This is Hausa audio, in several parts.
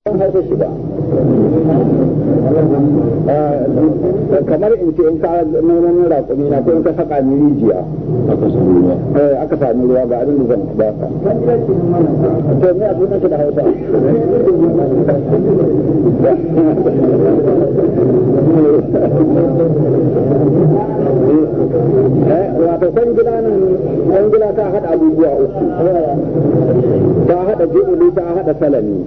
Ah, kamar in ce in ka nuna raƙumi na ko in ka saka ni rijiya aka sami eh, ruwa ga abin zan ba ka eh, abubuwa uku ta haɗa haɗa salami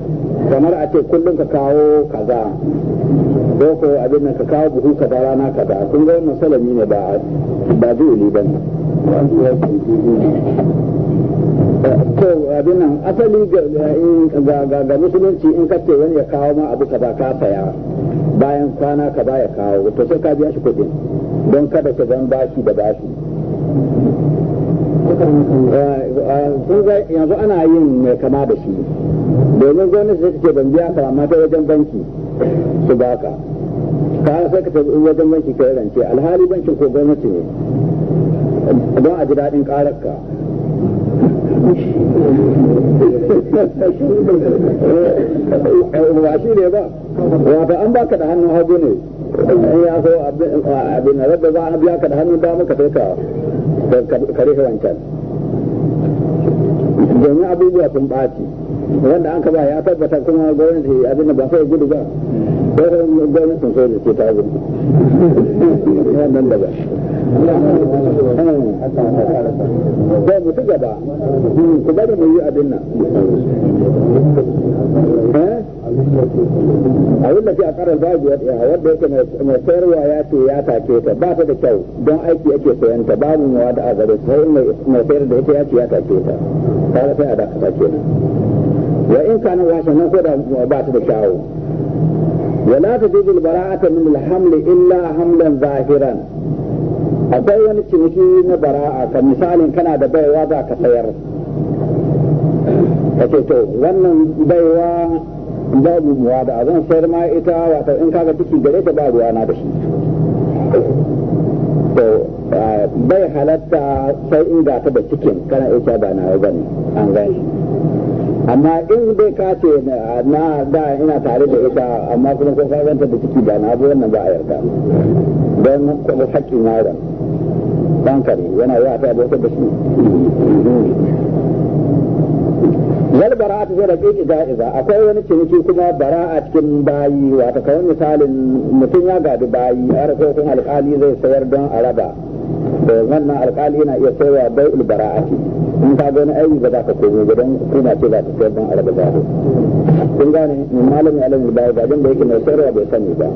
kamar a ce kullum ka kawo kaza boko abin nan ka kawo buhu kaza rana kaza kun ga wannan salami ne ba ba dole ba ne to abin nan asali ga ga musulunci in ka ce wani ya kawo ma abu kaza ka saya bayan kwana ba ya kawo to sai ka biya shi kuɗin don kada ka zan bashi da bashi eh, eh, yanzu ana yin mai kama da shi domin gwamnati sai ce ban biya ka mata wajen banki su baka ka sai ka tafi wajen banki ka rance alhali bankin ko gwamnati ne don a ji daɗin ƙarar ka ba shi ne ba wata an baka da hannun hagu ne in ya so abin da rabba za a biya ka da hannun dama ka sai ka kare wancan domin abubuwa sun ɓaci wanda an ka ba ya tabbata kuma gwamnati abin da ba sai gudu ba ko sai gwamnatin so da ce ta gudu wannan daga ba mu ci gaba ku bari mu yi abin nan eh? a yi ke a karar zagiyar ya wadda yake mai sayarwa ya ce ya take ta ba ta da kyau don aiki yake sayan ta babu mawa da a gare sai mai sayar da ita ya ce ya take ta ta sai a dakata kenan wa in kana washe nan ko da ba su da kyawu wala ta jibul bara'ata min alhamli illa hamlan zahiran akwai wani ciniki na bara'a ka misalin kana da baiwa za ka sayar ka to wannan baiwa babu muwa da zan sayar ma ita wata in kaga ciki gare ta ba ruwa na da shi to ah, bai halatta sai in ga ta da cikin kana ita ba na gani an gani amma in bai kace na da ina tare da ita amma kuma ko faranta da ciki da na zo wannan ba a yarda don kuma haƙƙin yaron dan kare yana yi a ta da shi wal bara'a ta da kike ja'iza akwai wani ciniki kuma bara'a cikin bayi wata kamar misalin mutum ya gadi bayi har ko kun alƙali zai sayar don araba to wannan alƙali yana iya sayarwa bai'ul bara'ati in ka ga wani aiki ba za ka komo ba don hukuma ce za ka ta sayar don araba gado kun gane mai malami alamu ba ga da yake mai sayarwa bai sani ba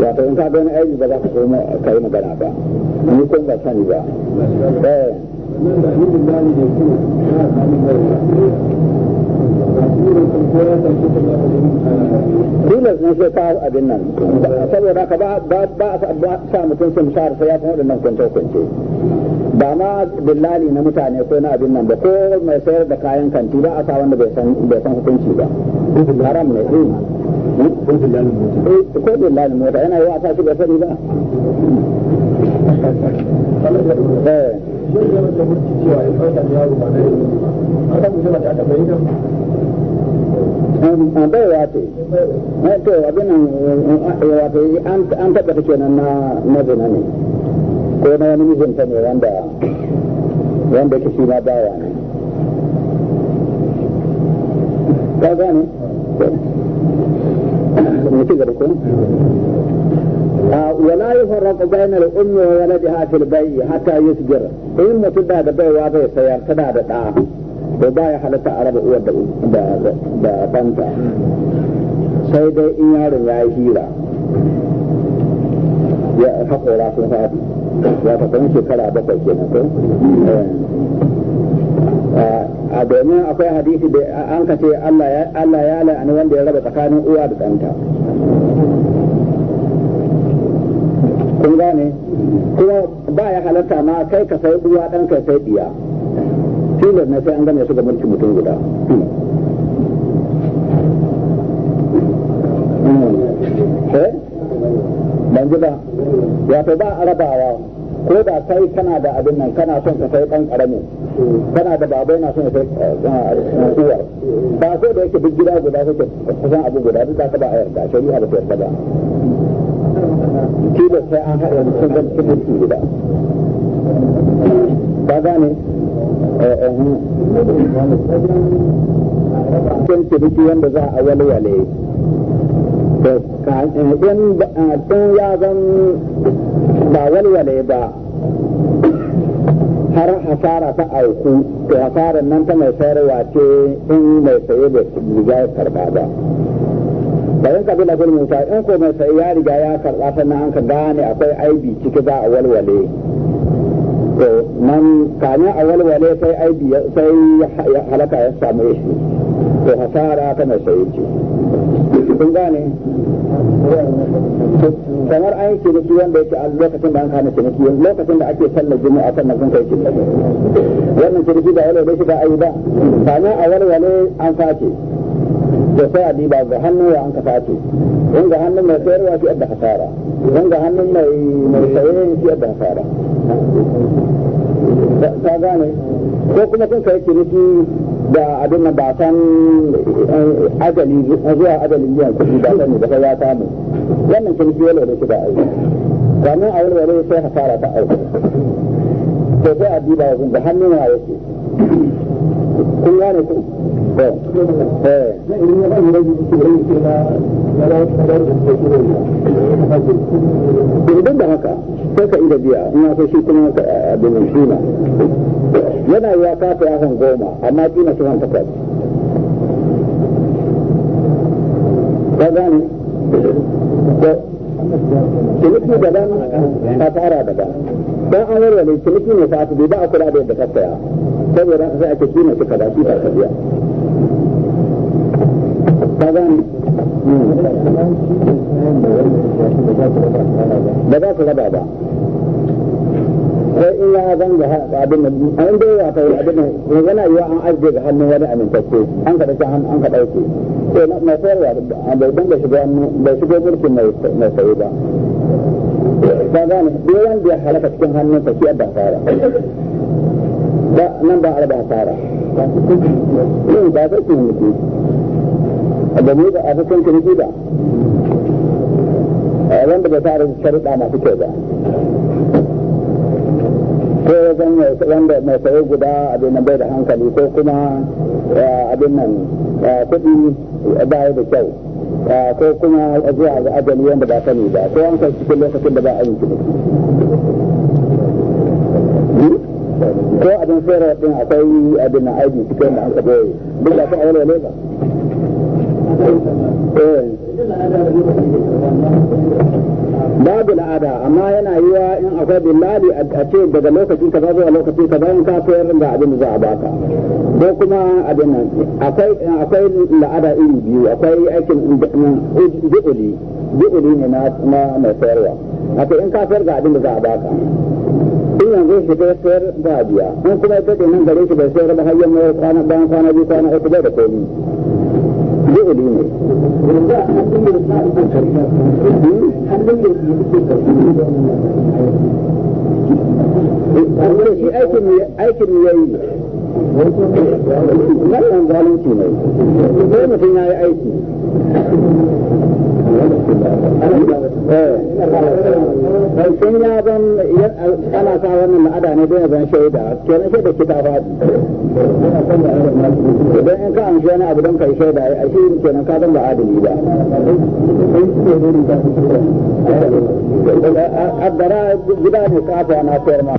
ya wato in ka ga wani aiki ba za ka komo ka yi magana ba ni kun ba sani ba eh tilas ne sai kawo abin nan saboda ka ba a sa mutum sun sa ya fi waɗannan kwanci-kwanci. ba ma dillali na mutane ko na abin nan ba ko mai sayar da kayan kanti ba a sa wanda bai san hukunci ba haram ne hmm. ko eh, ko dillali mota yana a sa shi bai sani ba eh. eh. um, baiwa ce to abin nan wato an tabbata kenan na mazina ne ko na wani mijinta ne wanda wanda ke shi ma baya ne ka gane mu ci gaba ko ولا da بين الأم وولدها hata البيع su يسجر إن متدا da da baiwa bai sayar ta da da ɗa to baya halatta a raba uwar da ɗanta sai dai in yaron ya yi hira ya haƙora sun faɗi ya ta kan shekara bakwai ke nan eh. a domin akwai hadisi da an ka ce Allah ya la'ani wanda ya raba tsakanin uwa da ɗanta kun gane kuma ba ya halatta ma kai ka sai uwa ɗan kai sai ɗiya filin na sai an gane su ga mulki mutum guda hmm. eh? ban ji ba wato ba a rabawa ko da kai kana da abin nan kana son ka sai kan karamu kana da baba yana son ka sai eh, uwar ba so da yake duk gida guda kake kusan abu guda duk ka ba a yarda shari'a ba ta yarda ba kila sai an haɗa da sun zama cikin guda ba gane cikin eh, eh, hmm. ciniki wanda za a walwale to in ah, tun ya zan ba walwale ba har hasara ta auku to hasarar nan ta mai sayarwa ce in mai saye da riga ya karba ba yin kabila gul musa in ko mai saye ya riga ya karba sannan an ka gane akwai aibi ciki za a walwale to nan kamin a walwale sai aibi sai halaka ya samu shi to hasara ta mai saye ce kun gane kamar an yi ciniki wanda yake a lokacin da an kama ciniki lokacin da ake sallar a sannan sun kai ciniki wannan ciniki ba wale bai a yi ba sannan a walwale an sace da sai a diba ga hannu ya an ka sace in ga hannun mai sayarwa fi yadda hasara in ga hannun mai saye fi yadda hasara ta gane ko kuma kun kai ciniki da abin da ba san eh, ajali zuwa ajalin biyan kuɗi ba sani da ya samu wannan ciniki yalo da shi ba aiki kamin a wurware sai hasara ta aiki to sai a duba da hannun wa yake kun gane ku to da haka sai ka ida biya in ya shi kuma ka eh, abin shi na yana ya kafa yahon goma amma kina shi hanta takwas ka gane ciniki daban ka fara daban dan an warware ciniki ne ta fa ba a kula da yadda ka saya saboda sai ake kina shi kaza shi ka biya ka gane hmm. ba za sai in ya zan abin da an dai ya fara abin da yana yiwa an ajiye ga hannun wani amintacce an ka dace an ka dauke to na sayarwa bai dinga shiga bai shigo mulkin mai sayi ba ka gane duk wanda ya halaka cikin hannun sa shi a dasara ba nan ba a raba asara ba sai ki mutu da mu da a cikin kirki da wanda ba ta da sharuɗa masu kyau ba ko wajen wanda mai sayo guda abin nan bai da hankali ko kuma abin nan kuɗi ba da kyau ko kuma zuwa ga ajali wanda ba sani ba ko an kai cikin lokacin da ba a yi hmm? ko abin sayarwa din akwai abin na aiki cikin da an ka duk da ta aure ne ba Eh. babu la'ada amma yana yi wa in akwai billahi a ce daga lokaci kaza zuwa lokaci kaza in ka koyar da abin da za a baka ko kuma abin nan akwai akwai la'ada iri biyu akwai aikin du'uli du'uli ne na na mai sayarwa akwai in ka sayar da abin da za a baka in yanzu shi ta sayar ba biya in kuma ya ce nan gare shi bai sayar ba hanyar mai kwana bayan kwana biyu kwana uku bai da komi zuhudi ne shi aikin yayi wannan zalunci ne sai mutum ne yi aiki bai sun ya zan ana sa wannan la'ada ne don ya zan shaida kenan shaida ki faɗi idan in ka amshi wani abu don kai shaida a shi kenan ka zan ba adali ba addara gida ne kafa na sayar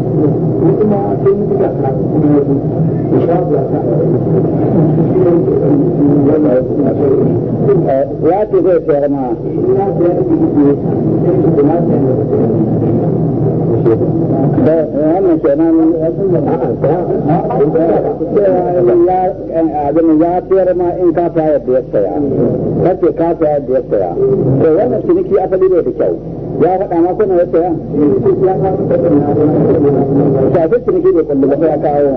وإلى سيدنا أحمد إن شاء الله يا تزيد يا جماعة wannan kenan abin ya fiyar ma in ka fayar da ya saya kace ka fayar da ya saya to wannan ciniki asali bai da kyau ya faɗa ma kuna ya tsaya shafi ciniki da kwallo ba ya kawo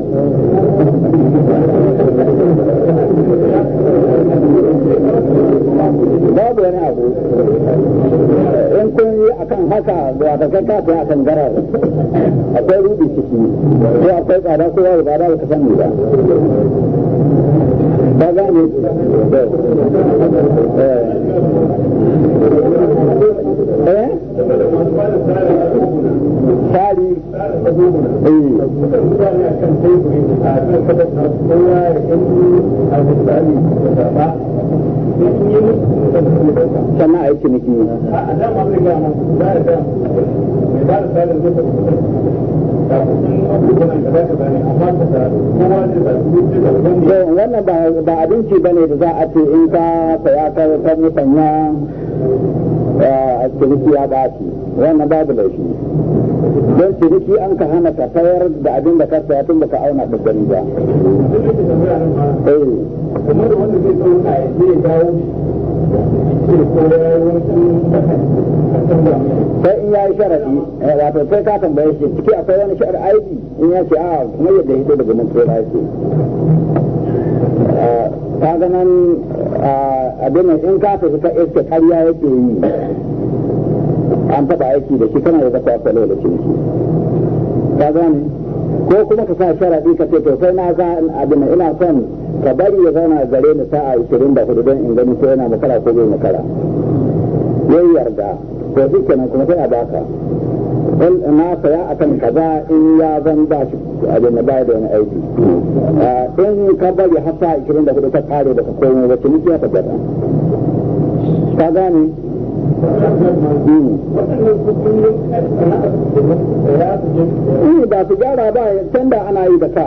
babu wani abu in kun yi akan haka da wata kai kafa akan garar akwai rubi ciki ko akwai tsada ko ya rubada ba ka sani ba ka gane ku eh tsari sana a yi ciniki wannan ba abinci ba ne da za a ce in ka saya ka ka musanya eh, a ciniki ya baci wannan babu shi don ciniki an ka hana ka sayar da abin da ka saya tun da ka auna ka gani ba. Eh. sai in ya yi sharadi eh, wato sai ka tambaye shi ciki akwai wani sha'ar aiki in ya ce a ah, kuma yadda hito daga mun tsora yake ah, ka ga nan ah, abin in ka tafi ka iske karya yake yi an taba aiki da shi kana da zaka kwalo da shi ka gane ko kuma ka sa sharadi ka ce to sai na ga abin ina son ka bari ya zauna gare ni sa'a ishirin da hudu don in gani ko yana makara ko bai makara yayi yarda to shi kenan kuma sai a baka na saya akan kaza in ya zan ba shi a da ba da wani aiki hmm. ah, in ka bari har sa'a ishirin da hudu ta kare da ka komo ba ciniki ya tabbata ka gane hmm. Hmm, ba su gyara ba can ana yi da ka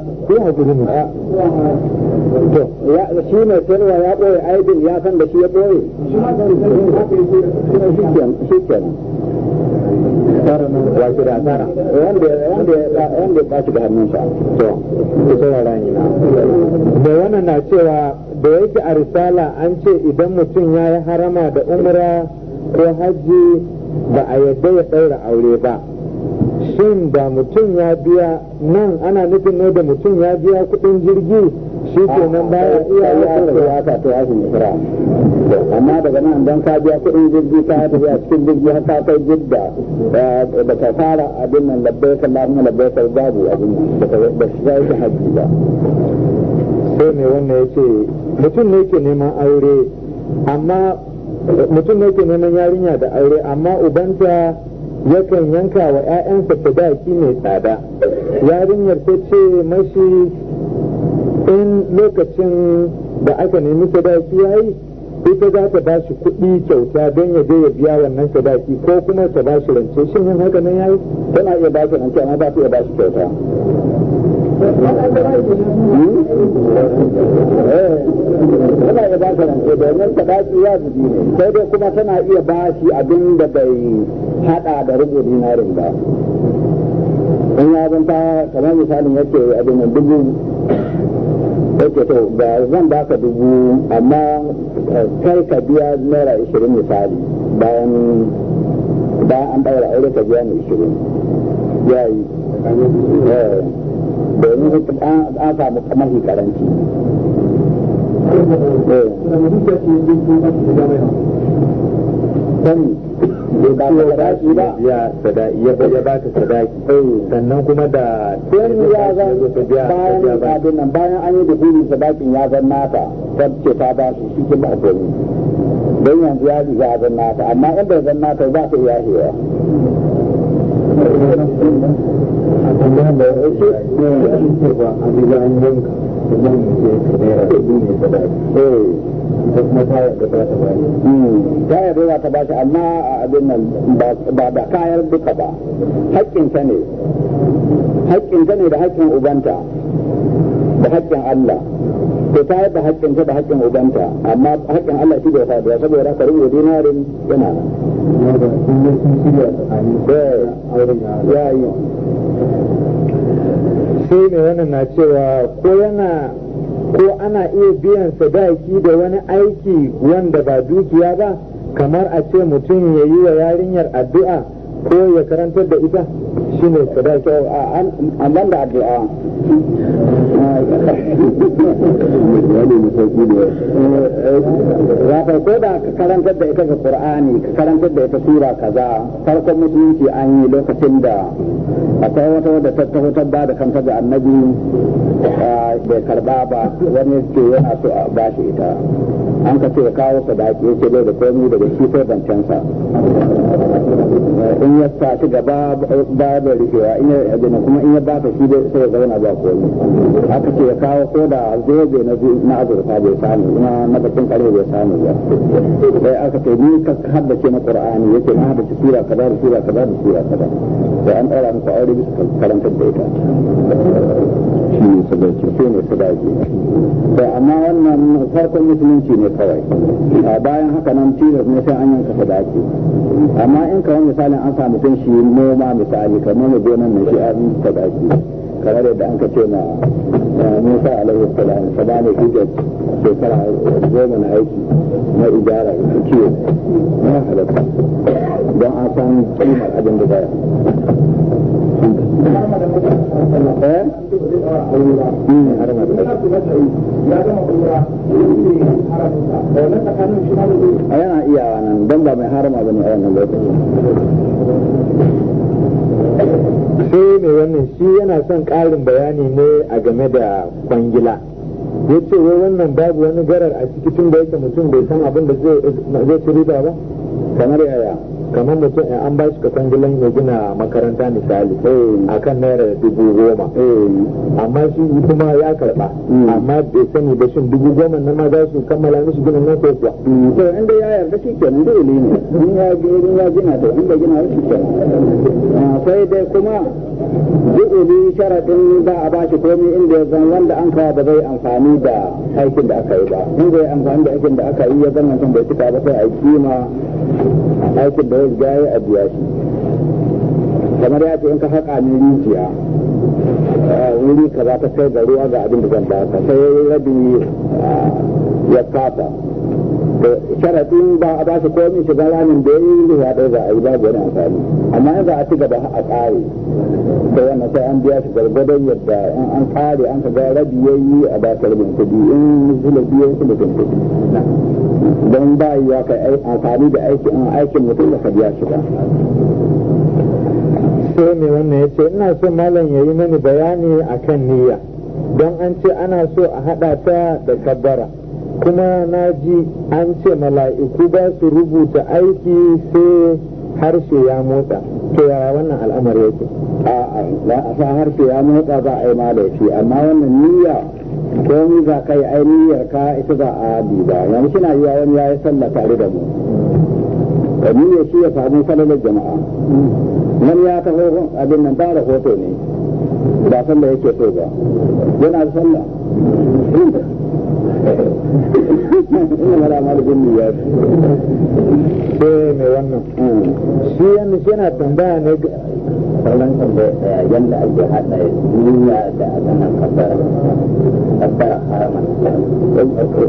ku hakuri ne to ya shi mai sayarwa ya boye aibin ya san da shi ya boye shi kenan wato da asara wanda ya ɓaci da hannunsa to ku saurara na da wannan na cewa da yake a risala an ce idan mutum ya yi harama da umra ko hajji ba a yadda ya ɗaura aure ba shin da mutum ya biya nan ana nufin ne da mutum ya biya kuɗin jirgi shi ke nan baya iya ya ta ya ta ta ya shinkira amma daga nan don ka biya kuɗin jirgi ka ta biya cikin jirgi har ka kai jidda da eh, ka fara abin nan labbai ka lamu labbai ka babu abin da ba shi ya yi haji ba sai mai wannan ya ce mutum ne ke neman aure amma mutum ne ke neman yarinya da aure amma ubanta yakan yanka wa 'ya'yansa sadaki mai tsada yarinyar ta ce mashi in lokacin da aka nemi sadaki ya yi ita za ta ba shi kuɗi kyauta don ya je ya biya wannan sadaki ko kuma ta ba shi rance shin yin haka nan ya yi tana iya ba shi rance amma ba ta iya ba shi kyauta tana iya ba ta rance domin ta ɗaki ya zubi ne sai dai kuma tana iya ba shi abin da bai haɗa da rubu dinarin ba in ya zanta kamar misalin yake abin da dubu yake to ba zan ba ka dubu amma kai ka biya naira ishirin misali bayan bayan an bayar aure ka biya ni ishirin ya yi eh. domin an samu mafi karanci sani ya ba ta sadaki eh. sannan kuma da sani ya zan bayan abin nan bayan an yi dubbin sadakin ya zan nata ta ce ta ba su shi kuma akwai don yanzu ya riga ya zan nata amma in bai zan nata ba ta iya hewa amma da yake ne shi ke ba a ta yarda za ta bashi hmm. ta ta amma a abin nan ba da kayar duka ba haƙƙinta ne haƙƙinta ne da haƙƙin ubanta da haƙƙin Allah to ta da haƙƙin ta da haƙƙin ubanta amma haƙƙin Allah shi bai faɗi saboda ka rubuta dinarin yana yayi sai ne wannan na cewa ko yana ko ana iya biyan sadaki da wani aiki wanda ba dukiya ba kamar a ce mutum ya yi wa yarinyar addu'a ko ya karantar da ita shi ne da kyau a amman da addu'a wato ko da ka karantar da ita ga qur'ani ka karantar da ita sura kaza farkon musulunci an yi lokacin da akwai wata wadda ta taho ba da kanta da annabi bai karba ba wani ce yana so a bashi ita an ka ce kawo sadaki ce bai da komi daga shi sai bancansa in ya sa ta gaba ba da rikewa in ya adana kuma in ya ba ta shi da sai ya zauna ba komai haka ce ya kawo ko da zobe na azurfa bai samu kuma na bakin kare bai samu ba sai aka ce ni ka haddace na qur'ani yake na haddace sura kaza da sura kaza da sura kaza sai an tsara muku aure bisa karantar da ita shi ne sadaki shi ne sadaki to amma wannan farkon musulunci ne kawai bayan haka nan tilas ne sai an yanka sadaki amma in kawai misali misalin an samu mutum shi noma misali kamar gonan na shi an taɓa shi kamar yadda an kace ce ma Musa alaihi salam sabani hijab shekara goma na aiki na ijara da kiyo na halatta don an san kima abin da baya eh? yana iyawa nan don ba mai harama ba ne a wannan lokacin sai mai wannan shi yana son ƙarin bayani ne a game da kwangila ya ce wai wannan babu wani garar a cikin da yake mutum bai san abin da zai ci riba ba kamar yaya kamar mutum in an bashi kasan gilan ya gina makaranta misali eh. a kan naira dubu goma eh. amma shi kuma ya karba hmm. amma bai sani ba shin dubu goma na ma za su kammala mishi gina nan ko kuwa hmm. to in dai ya yarda shi kenan dole ne in ya in ya gina to in bai gina shi kenan ah, sai dai kuma ji'ili sharadin ba a bashi komai inda ya zan wanda an kawo ba zai amfani da aikin da aka yi ba in zai amfani da aikin da aka yi ya zama mutum bai cika ba sai a kima aikin da ya a biya shi kamar ya ce in ka haƙa min rijiya wuri ka za ta kai ga ruwa ga abin da zan ka sai rabi ya kafa sharaɗin ba a ba su komi shiga ramin da ya yi ya ɗaya za a yi babu wani amfani amma in za a ci gaba a ƙare da wannan sai an biya shi gargadon yadda in an ƙare an ga rabi ya yi a ba shi rabin kuɗi in zula biyu su mutum kuɗi don ba yi wa ka amfani da aiki an aikin mutum da ka biya shi ba. sai mai wannan ya ce ina so malam ya yi mani bayani akan niyya don an ce ana so a haɗa ta da kabbara. kuma na ji an ce mala'iku ba su rubuta aiki sai harshe ya motsa to yaya wannan al'amar yake a a sa harshe ya motsa za a yi malafi amma wannan niyya ko mu za ka yi ai niyyar ka ita za a ba yanzu na yi wani ya yi sallah tare da mu ka niyyar shi ya samu falalar jama'a Nan ya taho abin nan ba da hoto ne ba sallah yake so ba yana sallah mara mara bin ya yana tambaya ne sauran tambayar daya yadda ake haɗa duniya da azanan kasar kasar haraman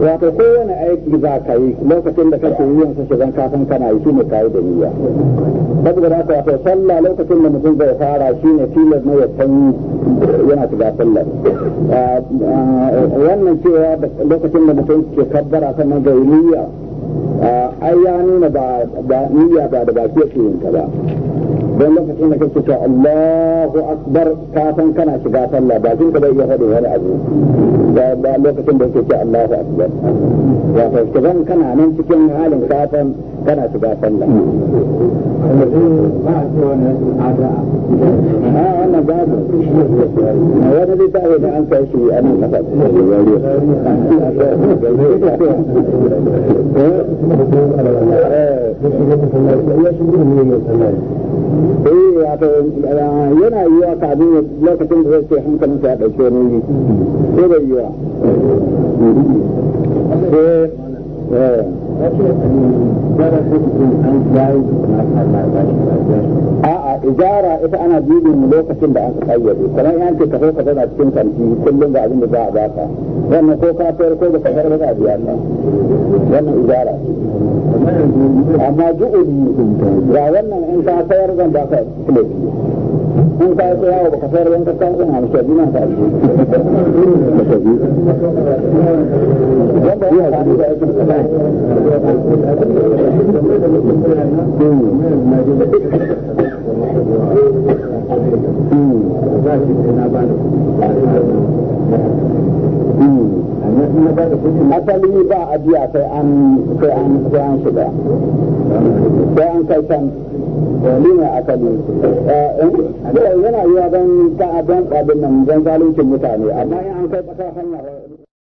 wato ko wani aiki za ka yi lokacin da kake yi yansu shigan kafin kana yi shine kayi da niyya saboda haka wato sallah lokacin da mutum zai fara shine filar na ya sanyi yana shiga sallar ah, ah, wannan cewa lokacin da mutum ke kabbara sannan zai yi niyya ah, ai ya nuna ba niyya ba da ba ke yin ta ba don lokacin da kake cewa Allahu akbar ka san kana shiga sallah ba kin ka bai iya faɗin wani abu da ba lokacin da kake cewa Allahu akbar wato zan kana nan cikin halin ka san kana shiga sallah a ah, wannan babu wani da an kai shi a nan kasa yiwa eh, lokacin da zai ce hankalin sa ya ɗauke wani wuri ko bai a'a ijara ita ana dubin lokacin da aka kayyade kamar yan ce kaso ka cikin kanti kullum ga abin da za a baka wannan ko ka sayar ko baka sayar ba za a biya wannan ijara amma ga wannan in ka zan baka in ka yi yawo baka sayar yanka ka ina ka yi asali ba a biya sai an sai an shiga sai an kai can lima akali eh, eh, yana yiwa don ka'adan abin nan don zaluncin mutane amma in an kai tsakar hanya